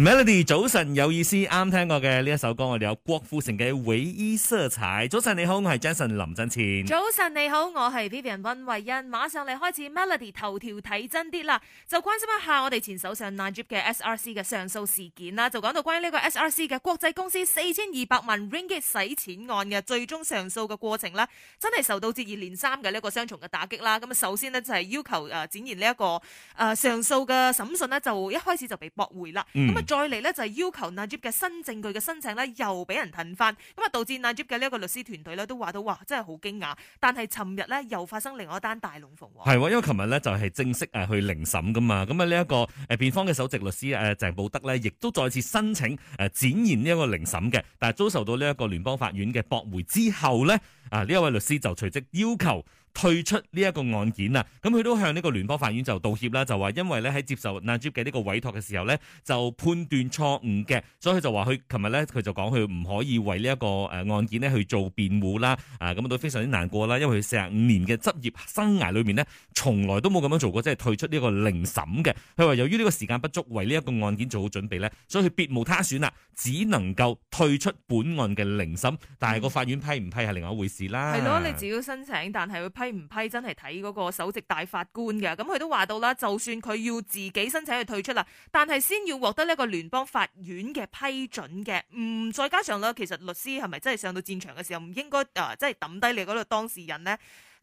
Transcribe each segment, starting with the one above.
Melody，早晨有意思啱聽過嘅呢一首歌，我哋有郭富城嘅《唯一色彩》。早晨你好，我係 Jason 林振前。早晨你好，我係 Vivian 溫慧欣。馬上嚟，開始 Melody 頭條睇真啲啦，就關心一下我哋前首相 Najib 嘅 SRC 嘅上訴事件啦。就講到關於呢個 SRC 嘅國際公司四千二百萬 Ringgit 洗錢案嘅最終上訴嘅過程啦，真係受到接二連三嘅呢一個雙重嘅打擊啦。咁啊，首先呢，就係要求誒展現呢一個誒上訴嘅審訊呢，就一開始就被駁回啦。咁、嗯、啊。再嚟呢，就係要求納吉嘅新證據嘅申請呢，又俾人騰翻，咁啊導致納吉嘅呢一個律師團隊呢，都話到哇真係好驚訝，但係尋日呢，又發生另外一單大龍鳳喎。係喎，因為琴日呢，就係正式去聆審㗎嘛，咁啊呢一個誒辯方嘅首席律師誒鄭寶德呢，亦都再次申請誒展延呢一個聆審嘅，但係遭受到呢一個聯邦法院嘅駁回之後呢，啊呢一位律師就隨即要求退出呢一個案件啊，咁佢都向呢個聯邦法院就道歉啦，就話因為咧喺接受納吉嘅呢個委託嘅時候咧，就判斷錯誤嘅，所以佢就話佢琴日咧佢就講佢唔可以為呢一個誒案件咧去做辯護啦，啊咁都非常之難過啦，因為佢四十五年嘅執業生涯裏面呢，從來都冇咁樣做過，即係退出呢個聆審嘅。佢話由於呢個時間不足，為呢一個案件做好準備咧，所以佢別無他選啦，只能夠退出本案嘅聆審。但係個法院批唔批係另外一回事啦。係咯，你只要申請，但係會批。唔批，批真係睇嗰個首席大法官嘅，咁佢都話到啦，就算佢要自己申請去退出啦，但係先要獲得呢個聯邦法院嘅批准嘅，唔、嗯、再加上啦，其實律師係咪真係上到戰場嘅時候唔應該誒，即係抌低你嗰度當事人呢？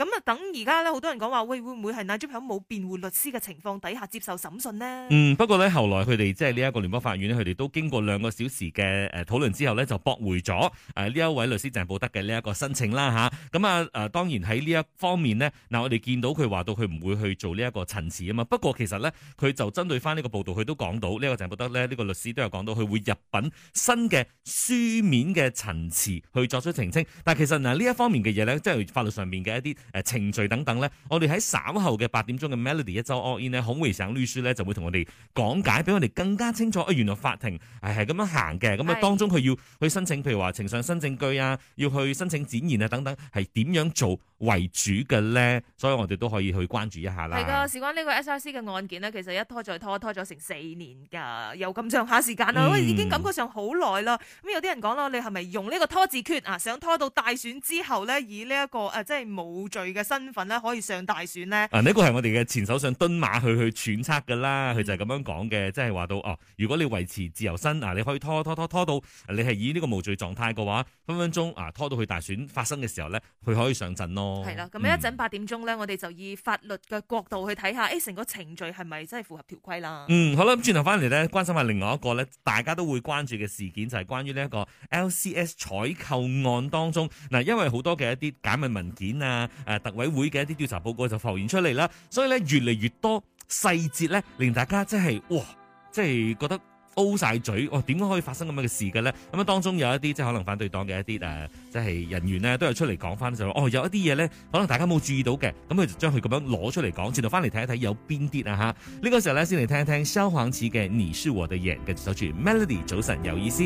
咁啊，等而家咧，好多人講話，喂，會唔會係 Najib 冇辯護律師嘅情況底下接受審訊呢？嗯，不過咧，後來佢哋即係呢一個聯邦法院佢哋都經過兩個小時嘅誒、呃、討論之後咧，就駁回咗誒呢一位律師鄭寶德嘅呢一個申請啦吓，咁啊誒、呃，當然喺呢一方面呢，嗱、呃、我哋見到佢話到佢唔會去做呢一個陳詞啊嘛。不過其實呢，佢就針對翻呢個報導，佢都講到呢個鄭寶德呢，呢、呢個律師都有講到佢會入稟新嘅書面嘅陳詞去作出澄清。但其實嗱呢一方面嘅嘢呢，即係法律上面嘅一啲。程序等等呢，我哋喺稍後嘅八點鐘嘅 Melody 一週。all in 咧，孔維成律師呢就會同我哋講解，俾我哋更加清楚原來法庭係咁樣行嘅，咁啊當中佢要去申請，譬如話呈上新證據啊，要去申請展延啊等等，係點樣做為主嘅呢？所以我哋都可以去關注一下啦。係噶，事關呢個 S I C 嘅案件呢，其實一拖再拖，拖咗成四年㗎，又咁上下時間啦，已經感覺上好耐啦。咁有啲人講啦，你係咪用呢個拖字訣啊？想拖到大選之後呢，以呢、這、一個即係冇罪嘅身份咧，可以上大選呢？啊，呢個係我哋嘅前首相敦馬去去揣測噶啦，佢就係咁樣講嘅，即係話到哦，如果你維持自由身，嗱，你可以拖拖拖拖到你係以呢個無罪狀態嘅話，分分鐘啊拖到去大選發生嘅時候呢，佢可以上陣咯。係啦，咁一陣八點鐘呢，嗯、我哋就以法律嘅角度去睇下，哎，成個程序係咪真係符合條規啦？嗯，好啦，咁轉頭翻嚟呢，關心下另外一個呢，大家都會關注嘅事件就係關於呢一個 LCS 採購案當中嗱、啊，因為好多嘅一啲解密文件啊。誒特委會嘅一啲調查報告就浮現出嚟啦，所以咧越嚟越多細節咧，令大家即係哇，即係覺得 O 曬嘴，哇點解可以發生咁樣嘅事嘅咧？咁啊，當中有一啲即係可能反對黨嘅一啲誒，即係人員咧都有出嚟講翻就，哦有一啲嘢咧可能大家冇注意到嘅，咁佢就將佢咁樣攞出嚟講，轉頭翻嚟睇一睇有邊啲啊嚇？呢個時候咧先嚟聽一聽蕭行恆嘅《兒書和地影》的，跟住守住 Melody 早晨有意思。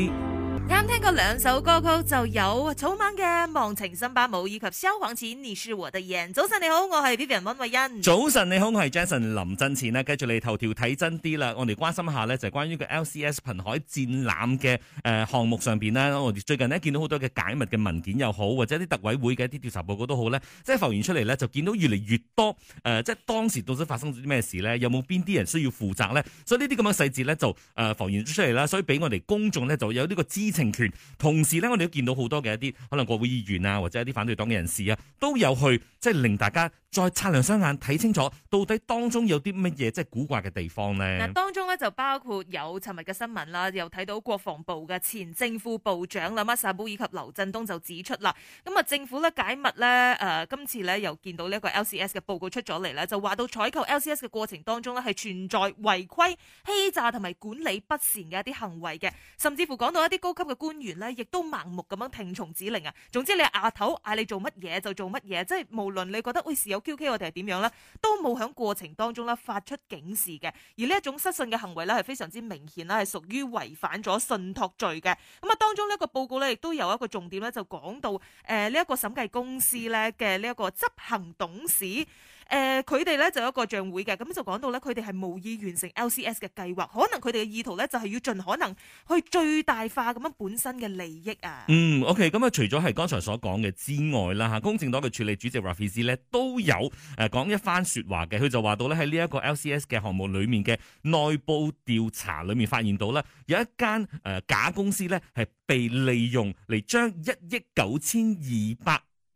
啱聽過兩首歌曲就有草蜢嘅《忘情森巴舞》以及《蕭煌奇》，你是我的眼。早晨你好，我係 Vivian 溫慧欣。早晨你好，我係 Jason 林振前呢繼續嚟頭條睇真啲啦，我哋關心下呢，就係、關於個 L C S 瀕海戰艦嘅誒項目上邊啦。我哋最近呢，見到好多嘅解密嘅文件又好，或者啲特委會嘅一啲調查報告都好呢，即係浮現出嚟呢，就見到越嚟越多誒、呃，即係當時到底發生咗啲咩事呢？有冇邊啲人需要負責呢？所以呢啲咁嘅細節呢，就誒浮現出嚟啦，所以俾我哋公眾呢，就有呢個知。政權同時咧，我哋都見到好多嘅一啲可能國會議員啊，或者一啲反對黨嘅人士啊，都有去即係令大家，再擦亮雙眼睇清楚，到底當中有啲乜嘢即係古怪嘅地方咧？嗱，當中咧就包括有尋日嘅新聞啦，又睇到國防部嘅前正副部長啦、馬薩布以及劉振東就指出啦。咁啊，政府咧解密咧，誒、呃、今次咧又見到呢一個 LCS 嘅報告出咗嚟啦，就話到採購 LCS 嘅過程當中咧係存在違規欺詐同埋管理不善嘅一啲行為嘅，甚至乎講到一啲高級嘅官員咧，亦都盲目咁樣聽從指令啊。總之你阿頭嗌你做乜嘢就做乜嘢，即係無論你覺得會是有。QK，我哋係點樣咧？都冇喺過程當中咧發出警示嘅，而呢一種失信嘅行為咧係非常之明顯啦，係屬於違反咗信託罪嘅。咁啊，當中呢一個報告咧，亦都有一個重點咧，就講到誒呢一個審計公司咧嘅呢一個執行董事。誒、呃，佢哋咧就有一個賬會嘅，咁就講到咧，佢哋係無意完成 LCS 嘅計劃，可能佢哋嘅意圖咧就係、是、要盡可能去最大化咁樣本身嘅利益啊。嗯，OK，咁、嗯、啊，除咗係剛才所講嘅之外啦，吓，公正黨嘅處理主席 Rafizi 咧都有誒講、呃、一番說話嘅，佢就話到咧喺呢一個 LCS 嘅項目裏面嘅內部調查裏面發現到咧，有一間誒、呃、假公司咧係被利用嚟將一億九千二百。誒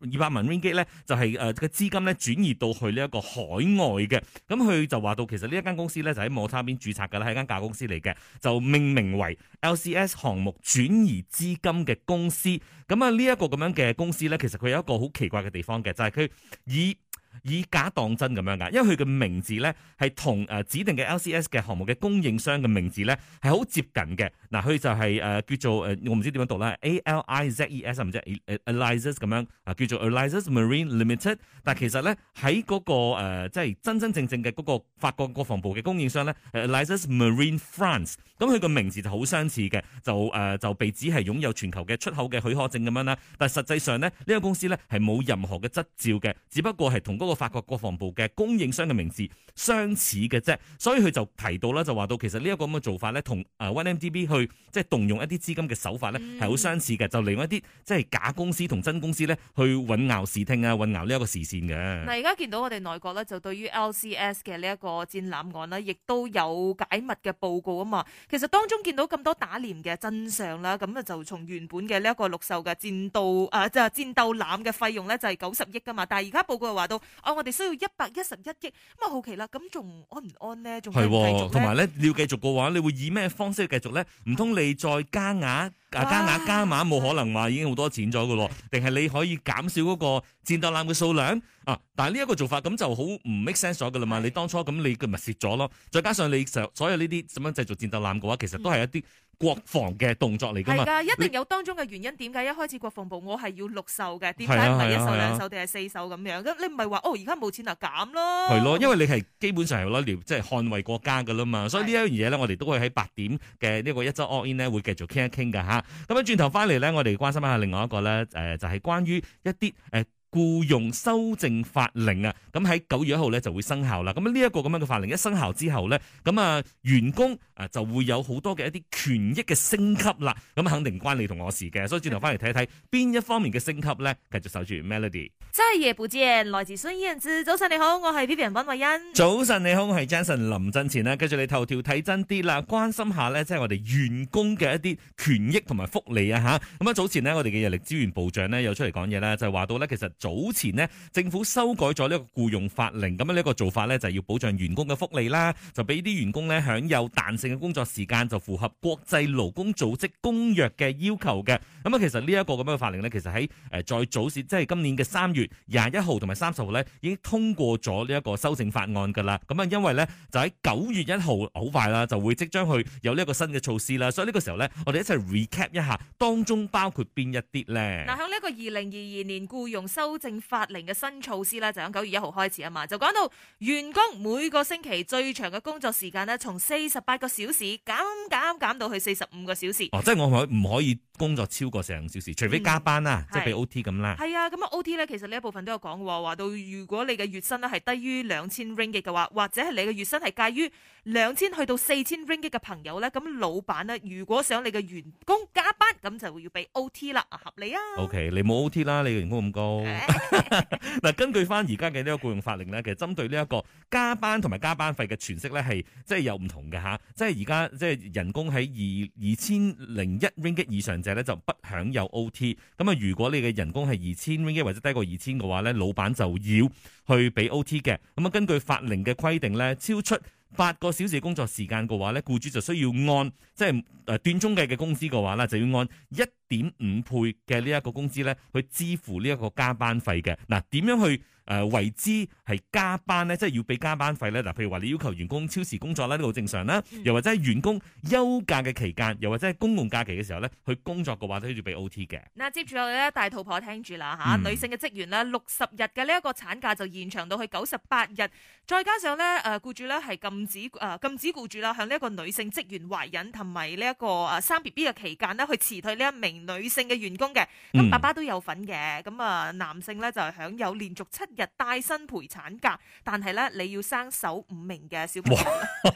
二百萬 ringgit 咧，就係誒個資金咧轉移到去呢一個海外嘅，咁佢就話到其實呢一間公司咧就喺莫斯科邊註冊嘅啦，係間假公司嚟嘅，就命名為 LCS 項目轉移資金嘅公司。咁啊，呢一個咁樣嘅公司咧，其實佢有一個好奇怪嘅地方嘅，就係、是、佢以。以假當真咁樣噶，因為佢嘅名字咧係同誒指定嘅 LCS 嘅項目嘅供應商嘅名字咧係好接近嘅。嗱，佢就係誒叫做誒，我唔知點樣讀啦，A L I Z E S 啊，唔知誒誒，Alizes 咁樣啊，叫做 Alizes Marine Limited。但係其實咧喺嗰個誒，即係真真正正嘅嗰個法國國防部嘅供應商咧，Alizes Marine France。咁佢嘅名字就好相似嘅，就誒就被指係擁有全球嘅出口嘅許可證咁樣啦。但係實際上咧，呢個公司咧係冇任何嘅執照嘅，只不過係同嗰。個法國國防部嘅供應商嘅名字相似嘅啫，所以佢就提到啦，就話到其實呢一個咁嘅做法咧，同誒 1MDB 去即係動用一啲資金嘅手法咧，係好相似嘅，就另外一啲即係假公司同真公司咧去混淆視聽啊，混淆呢一個視線嘅。嗱，而家見到我哋內閣咧，就對於 LCS 嘅呢一個戰艦案咧，亦都有解密嘅報告啊嘛。其實當中見到咁多打臉嘅真相啦，咁啊就從原本嘅呢一個六艘嘅戰鬥誒即係戰鬥艦嘅費用咧，就係九十億噶嘛，但係而家報告又話到。哦，我哋需要一百一十一億，咁啊好奇啦，咁仲安唔安咧？仲係繼續同埋咧，呢你要繼續嘅話，你會以咩方式去繼續咧？唔通你再加額？加額，加碼，冇可能話已經好多錢咗㗎咯，定係你可以減少嗰個戰鬥艦嘅數量啊？但係呢一個做法咁就好唔 make sense 咗㗎啦嘛。你當初咁你佢咪蝕咗咯。再加上你所，所有呢啲咁樣製造戰鬥艦嘅話，其實都係一啲國防嘅動作嚟㗎嘛。係一定有當中嘅原因。點解一開始國防部我係要六艘嘅？點解唔係一艘兩艘定係四艘咁樣？咁你唔係話哦而家冇錢啊減咯？係咯，因為你係基本上係攞嚟即係捍衛國家㗎啦嘛。所以一呢一樣嘢咧，我哋都會喺八點嘅呢個一周 all in 咧會繼續傾一傾㗎嚇。咁樣轉頭翻嚟咧，我哋關心下另外一個咧，誒，就係關於一啲誒。僱用修正法令啊，咁喺九月一號咧就會生效啦。咁呢一個咁樣嘅法令一生效之後咧，咁啊員工啊就會有好多嘅一啲權益嘅升級啦。咁肯定關你同我事嘅。所以轉頭翻嚟睇一睇邊一方面嘅升級咧，繼續守住 Melody。真也之見，來自孫伊人誌。早晨你好，我係 B B 人溫慧欣。早晨你好，我係 Jason 林振前啦。繼續你頭條睇真啲啦，關心下咧即係我哋員工嘅一啲權益同埋福利啊吓。咁啊早前呢，我哋嘅人力資源部長咧又出嚟講嘢咧，就話、是、到咧其實。早前咧，政府修改咗呢一個僱用法令，咁樣呢一個做法呢就係要保障員工嘅福利啦，就俾啲員工咧享有彈性嘅工作時間，就符合國際勞工組織公約嘅要求嘅。咁啊，其實呢一個咁樣嘅法令呢，其實喺誒再早時，即係今年嘅三月廿一號同埋三十號呢，已經通過咗呢一個修正法案㗎啦。咁啊，因為呢，就喺九月一號好快啦，就會即將去有呢一個新嘅措施啦。所以呢個時候呢，我哋一齊 recap 一下，當中包括邊一啲呢？嗱，喺呢一個二零二二年僱用修正法令嘅新措施咧，就喺九月一號開始啊嘛，就講到員工每個星期最長嘅工作時間呢，從四十八個小時減減減到去四十五個小時。哦，即係我唔可以？工作超過成五小時，除非加班啦、嗯，即係俾 O.T. 咁啦。係啊，咁啊 O.T. 咧，其實呢一部分都有講喎，話到如果你嘅月薪咧係低於兩千 ringgit 嘅話，或者係你嘅月薪係介於兩千去到四千 ringgit 嘅朋友咧，咁老闆咧，如果想你嘅員工加班，咁就會要俾 O.T. 啦，合理啊。O.K. 你冇 O.T. 啦，你嘅員工咁高。嗱， 根據翻而家嘅呢一個雇用法令咧，其實針對呢一個加班同埋加班費嘅詮釋咧，係即係有唔同嘅吓，即係而家即係人工喺二二千零一 ringgit 以上。就咧就不享有 OT，咁啊如果你嘅人工係二千蚊或者低過二千嘅話咧，老闆就要去俾 OT 嘅。咁啊根據法令嘅規定咧，超出八個小時工作時間嘅話咧，雇主就需要按即係誒段鐘計嘅工資嘅話啦，就要按一點五倍嘅呢一個工資咧去支付呢一個加班費嘅。嗱，點樣去？誒為之係加班咧，即係要俾加班費咧。嗱，譬如話你要求員工超時工作咧，呢個正常啦。又或者係員工休假嘅期間，又或者係公共假期嘅時候咧，去工作嘅話都要俾 O.T. 嘅。嗱，接住我哋咧，大肚婆聽住啦吓，女性嘅職員啦，六十日嘅呢一個產假就延長到去九十八日，再加上咧誒僱主咧係禁止誒禁止僱主啦，向呢一個女性職員懷孕同埋呢一個誒生 B.B. 嘅期間咧，去辭退呢一名女性嘅員工嘅。咁爸爸都有份嘅，咁啊男性咧就係享有連續七日帶薪陪產假，但係咧你要生首五名嘅小朋友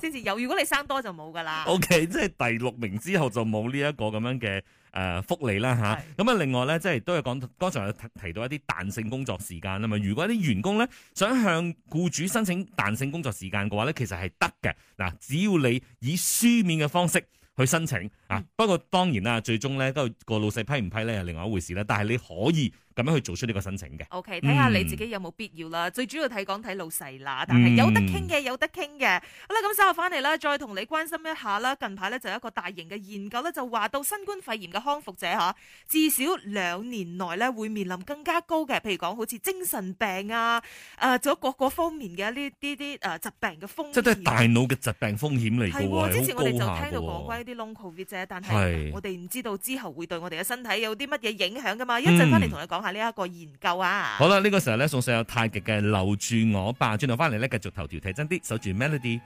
先至 有，如果你生多就冇噶啦。O、okay, K，即係第六名之後就冇呢一個咁樣嘅誒福利啦吓，咁啊，另外咧即係都係講剛才有提到一啲彈性工作時間啊嘛。如果啲員工咧想向僱主申請彈性工作時間嘅話咧，其實係得嘅，嗱，只要你以書面嘅方式去申請啊。嗯、不過當然啦，最終咧都、個老細批唔批咧係另外一回事啦。但係你可以。咁樣去做出呢個申請嘅。OK，睇下你自己有冇必要啦。嗯、最主要睇講睇老細啦，但係有得傾嘅、嗯、有得傾嘅。好啦，咁稍後翻嚟啦，再同你關心一下啦。近排咧就有一個大型嘅研究咧，就話到新冠肺炎嘅康復者嚇，至少兩年內咧會面臨更加高嘅，譬如講好似精神病啊，誒、呃，咗各個方面嘅呢啲啲疾病嘅風險。即、就、係、是、大腦嘅疾病風險嚟㗎喎，之前我哋就聽到講關於啲 long covid 啫，但係我哋唔知道之後會對我哋嘅身體有啲乜嘢影響㗎嘛？一陣翻嚟同你講。呢、這、一個研究啊！好啦，呢、這個時候咧，送上有太極嘅留住我吧。轉頭翻嚟咧，繼續頭條睇真啲，守住 Melody。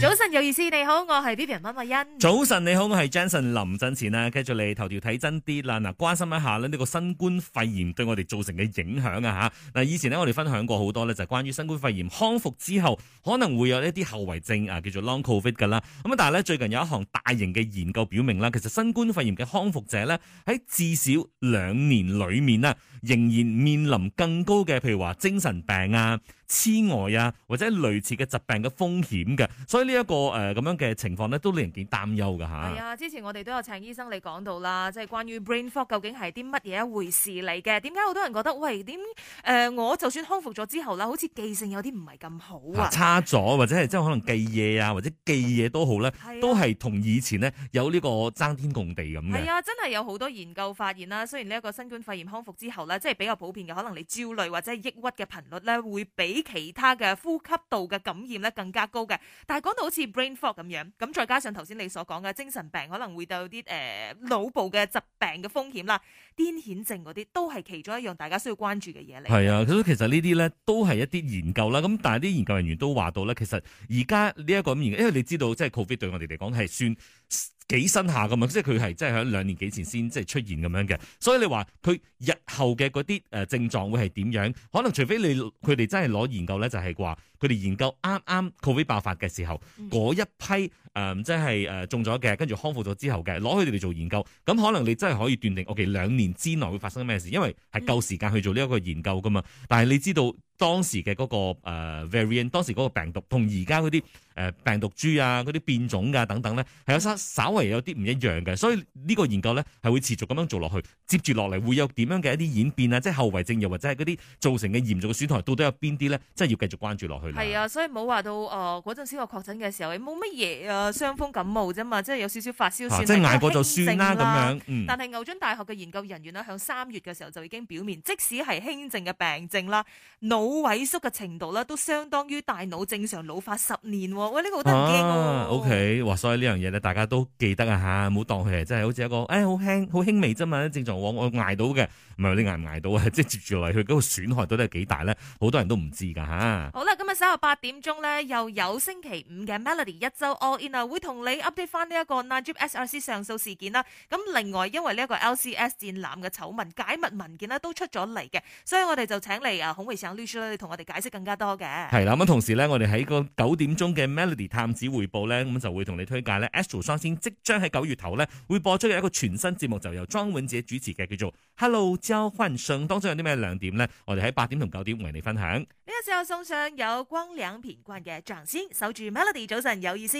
早晨有意思，你好，我係 B B 媽咪欣。早晨你好，我係 Jensen 林振前啊，繼續你頭條睇真啲啦。嗱，關心一下咧，呢個新冠肺炎對我哋造成嘅影響啊吓。嗱，以前呢，我哋分享過好多咧，就關於新冠肺炎康復之後可能會有一啲後遺症啊，叫做 Long Covid 噶啦。咁啊，但係咧最近有一項大型嘅研究表明啦，其實新冠肺炎嘅康復者咧喺至少兩年裏面仍然面臨更高嘅，譬如話精神病啊、痴呆啊，或者類似嘅疾病嘅風險嘅，所以、這個呃、這呢一個誒咁樣嘅情況咧，都令人幾擔憂噶吓。係啊，之前我哋都有請醫生嚟講到啦，即、就、係、是、關於 brain fog 究竟係啲乜嘢一回事嚟嘅？點解好多人覺得喂，點、呃、誒我就算康復咗之後啦，好似記性有啲唔係咁好啊？啊差咗，或者係即係可能記嘢啊，或者記嘢都好咧、啊，都係同以前咧有呢個爭天共地咁嘅。係啊，真係有好多研究發現啦，雖然呢一個新冠肺炎康復之後。即係比較普遍嘅，可能你焦慮或者係抑鬱嘅頻率咧，會比其他嘅呼吸道嘅感染咧更加高嘅。但係講到好似 brain fog 咁樣，咁再加上頭先你所講嘅精神病，可能會有啲誒腦部嘅疾病嘅風險啦，癲癇症嗰啲都係其中一樣大家需要關注嘅嘢嚟。係啊，其實呢啲咧都係一啲研究啦。咁但係啲研究人員都話到咧，其實而家呢一個咁研究，因為你知道即係 COVID 對我哋嚟講係算。幾新下噶嘛，即係佢係真係喺兩年幾前先即係出現咁樣嘅，所以你話佢日後嘅嗰啲誒症狀會係點樣？可能除非你佢哋真係攞研究咧，就係話佢哋研究啱啱 Covid 爆發嘅時候嗰，嗯、一批，呃、即係誒中咗嘅，跟住康復咗之後嘅攞佢哋嚟做研究，咁可能你真係可以斷定。OK，兩年之內會發生咩事？因為係夠時間去做呢一個研究噶嘛。但係你知道。當時嘅嗰個 variant，當時嗰個病毒同而家嗰啲誒病毒株啊，嗰啲變種啊，等等咧，係有稍稍微有啲唔一樣嘅。所以呢個研究咧係會持續咁樣做落去，接住落嚟會有點樣嘅一啲演變啊，即係後遺症又或者係嗰啲造成嘅嚴重嘅損害到底有邊啲咧？即係要繼續關注落去。係啊，所以冇話到誒嗰陣時我確診嘅時候，冇乜嘢啊，傷風感冒啫嘛，即係有少少發燒算啦，啊、即捱過就算啦咁樣。嗯、但係牛津大學嘅研究人員咧，喺三月嘅時候就已經表面，即使係輕症嘅病症啦，腦好萎縮嘅程度啦，都相當於大腦正常老化十年喎、哦。喂，呢、這個好得驚喎。O K，哇，所以呢樣嘢咧，大家都記得啊吓，唔好當佢係真係好似一個誒，好、哎、輕好輕微啫嘛。正常往我，我捱到嘅，唔係你捱唔捱到啊？即接住落去佢嗰個損害到底係幾大咧，好多人都唔知噶吓，好啦，今日三日八點鐘咧，又有星期五嘅 Melody 一週 All In 啊，In, 會同你 update 翻呢一個 Najib S R C 上訴事件啦。咁另外，因為呢一個 L C S 戰艦嘅醜聞解密文件咧都出咗嚟嘅，所以我哋就請嚟啊孔維城同我哋解釋更加多嘅係啦，咁同時咧，我哋喺個九點鐘嘅 Melody 探子匯報咧，咁就會同你推介咧，Astro 雙星即將喺九月頭咧會播出嘅一個全新節目，就由莊永姐主持嘅，叫做《Hello 周君勝》，當中有啲咩亮點咧，我哋喺八點同九點為你分享。呢個時候送上有光兩片關嘅掌聲，守住 Melody 早晨有意思。